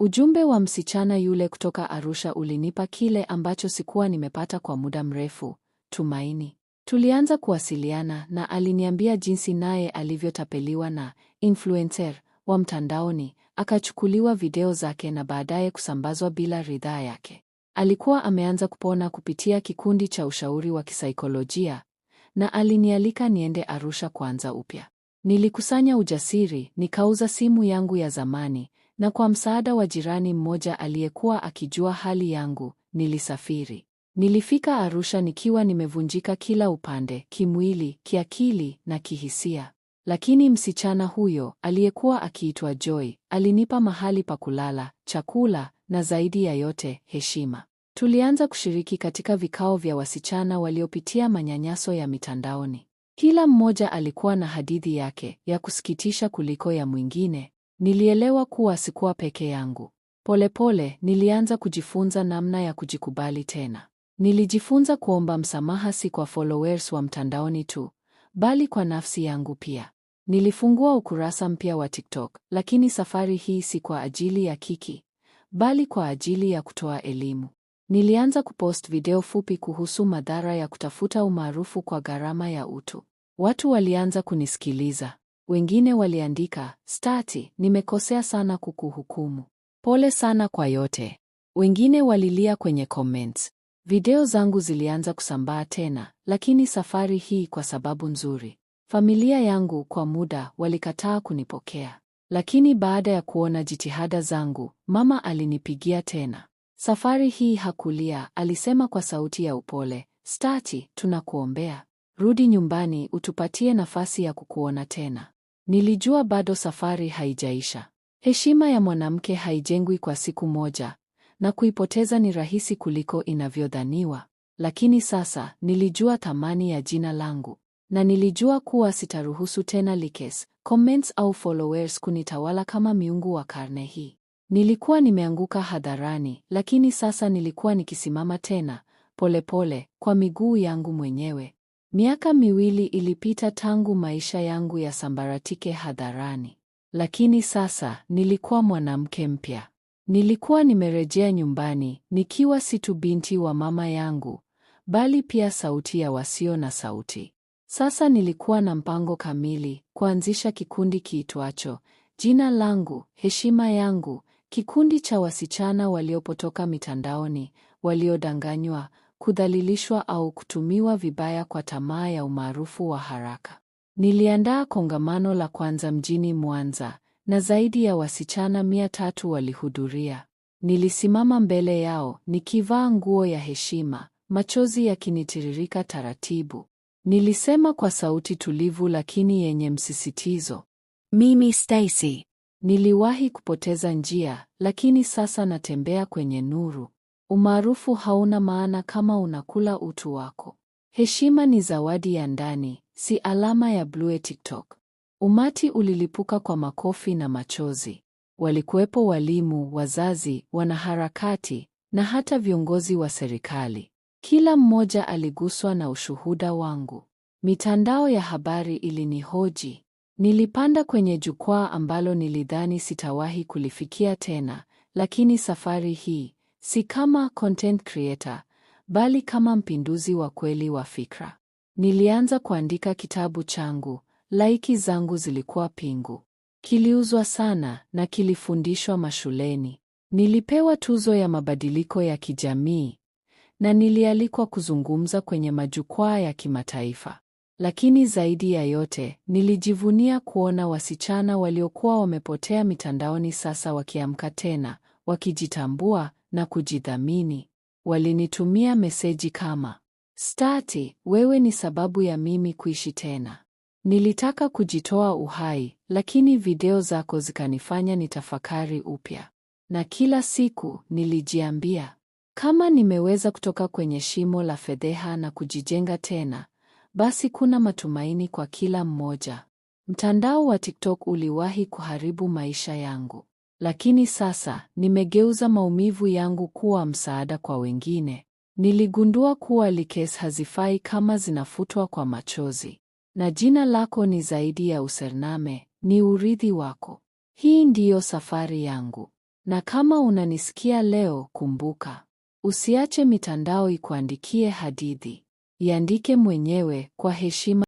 Ujumbe wa msichana yule kutoka Arusha ulinipa kile ambacho sikuwa nimepata kwa muda mrefu, tumaini. Tulianza kuwasiliana na aliniambia jinsi naye alivyotapeliwa na influencer wa mtandaoni, akachukuliwa video zake na baadaye kusambazwa bila ridhaa yake. Alikuwa ameanza kupona kupitia kikundi cha ushauri wa kisaikolojia na alinialika niende Arusha kuanza upya. Nilikusanya ujasiri, nikauza simu yangu ya zamani, na kwa msaada wa jirani mmoja aliyekuwa akijua hali yangu, nilisafiri. Nilifika Arusha nikiwa nimevunjika kila upande, kimwili, kiakili na kihisia. Lakini msichana huyo aliyekuwa akiitwa Joy alinipa mahali pa kulala, chakula na zaidi ya yote heshima. Tulianza kushiriki katika vikao vya wasichana waliopitia manyanyaso ya mitandaoni. Kila mmoja alikuwa na hadithi yake ya kusikitisha kuliko ya mwingine. Nilielewa kuwa sikuwa peke yangu. Polepole pole, nilianza kujifunza namna ya kujikubali tena. Nilijifunza kuomba msamaha si kwa followers wa mtandaoni tu, bali kwa nafsi yangu pia. Nilifungua ukurasa mpya wa TikTok, lakini safari hii si kwa ajili ya kiki, bali kwa ajili ya kutoa elimu. Nilianza kupost video fupi kuhusu madhara ya kutafuta umaarufu kwa gharama ya utu. Watu walianza kunisikiliza, wengine waliandika, Stati, nimekosea sana kukuhukumu, pole sana kwa yote. Wengine walilia kwenye comments. Video zangu zilianza kusambaa tena, lakini safari hii kwa sababu nzuri. Familia yangu kwa muda walikataa kunipokea, lakini baada ya kuona jitihada zangu, mama alinipigia tena. Safari hii hakulia, alisema kwa sauti ya upole. stati tunakuombea rudi nyumbani, utupatie nafasi ya kukuona tena. Nilijua bado safari haijaisha. Heshima ya mwanamke haijengwi kwa siku moja, na kuipoteza ni rahisi kuliko inavyodhaniwa. Lakini sasa nilijua thamani ya jina langu, na nilijua kuwa sitaruhusu tena likes, comments au followers kunitawala kama miungu wa karne hii. Nilikuwa nimeanguka hadharani, lakini sasa nilikuwa nikisimama tena polepole pole, kwa miguu yangu mwenyewe. Miaka miwili ilipita tangu maisha yangu yasambaratike hadharani, lakini sasa nilikuwa mwanamke mpya. Nilikuwa nimerejea nyumbani nikiwa si tu binti wa mama yangu, bali pia sauti ya wasio na sauti. Sasa nilikuwa na mpango kamili: kuanzisha kikundi kiitwacho Jina Langu, Heshima Yangu, Kikundi cha wasichana waliopotoka mitandaoni, waliodanganywa, kudhalilishwa au kutumiwa vibaya kwa tamaa ya umaarufu wa haraka. Niliandaa kongamano la kwanza mjini Mwanza na zaidi ya wasichana mia tatu walihudhuria. Nilisimama mbele yao nikivaa nguo ya heshima, machozi yakinitiririka taratibu. Nilisema kwa sauti tulivu lakini yenye msisitizo, mimi Stacy Niliwahi kupoteza njia, lakini sasa natembea kwenye nuru. Umaarufu hauna maana kama unakula utu wako. Heshima ni zawadi ya ndani, si alama ya blue TikTok. Umati ulilipuka kwa makofi na machozi. Walikuwepo walimu, wazazi, wanaharakati na hata viongozi wa serikali. Kila mmoja aliguswa na ushuhuda wangu. Mitandao ya habari ilinihoji, Nilipanda kwenye jukwaa ambalo nilidhani sitawahi kulifikia tena, lakini safari hii si kama content creator, bali kama mpinduzi wa kweli wa fikra. Nilianza kuandika kitabu changu, laiki zangu zilikuwa pingu. Kiliuzwa sana na kilifundishwa mashuleni. Nilipewa tuzo ya mabadiliko ya kijamii na nilialikwa kuzungumza kwenye majukwaa ya kimataifa. Lakini zaidi ya yote, nilijivunia kuona wasichana waliokuwa wamepotea mitandaoni sasa wakiamka tena, wakijitambua na kujidhamini. Walinitumia meseji kama Stati, wewe ni sababu ya mimi kuishi tena. Nilitaka kujitoa uhai, lakini video zako zikanifanya nitafakari upya. Na kila siku nilijiambia, kama nimeweza kutoka kwenye shimo la fedheha na kujijenga tena, basi kuna matumaini kwa kila mmoja. Mtandao wa TikTok uliwahi kuharibu maisha yangu, lakini sasa nimegeuza maumivu yangu kuwa msaada kwa wengine. Niligundua kuwa likes hazifai kama zinafutwa kwa machozi, na jina lako ni zaidi ya username, ni urithi wako. Hii ndiyo safari yangu, na kama unanisikia leo, kumbuka, usiache mitandao ikuandikie hadithi. Iandike mwenyewe kwa heshima.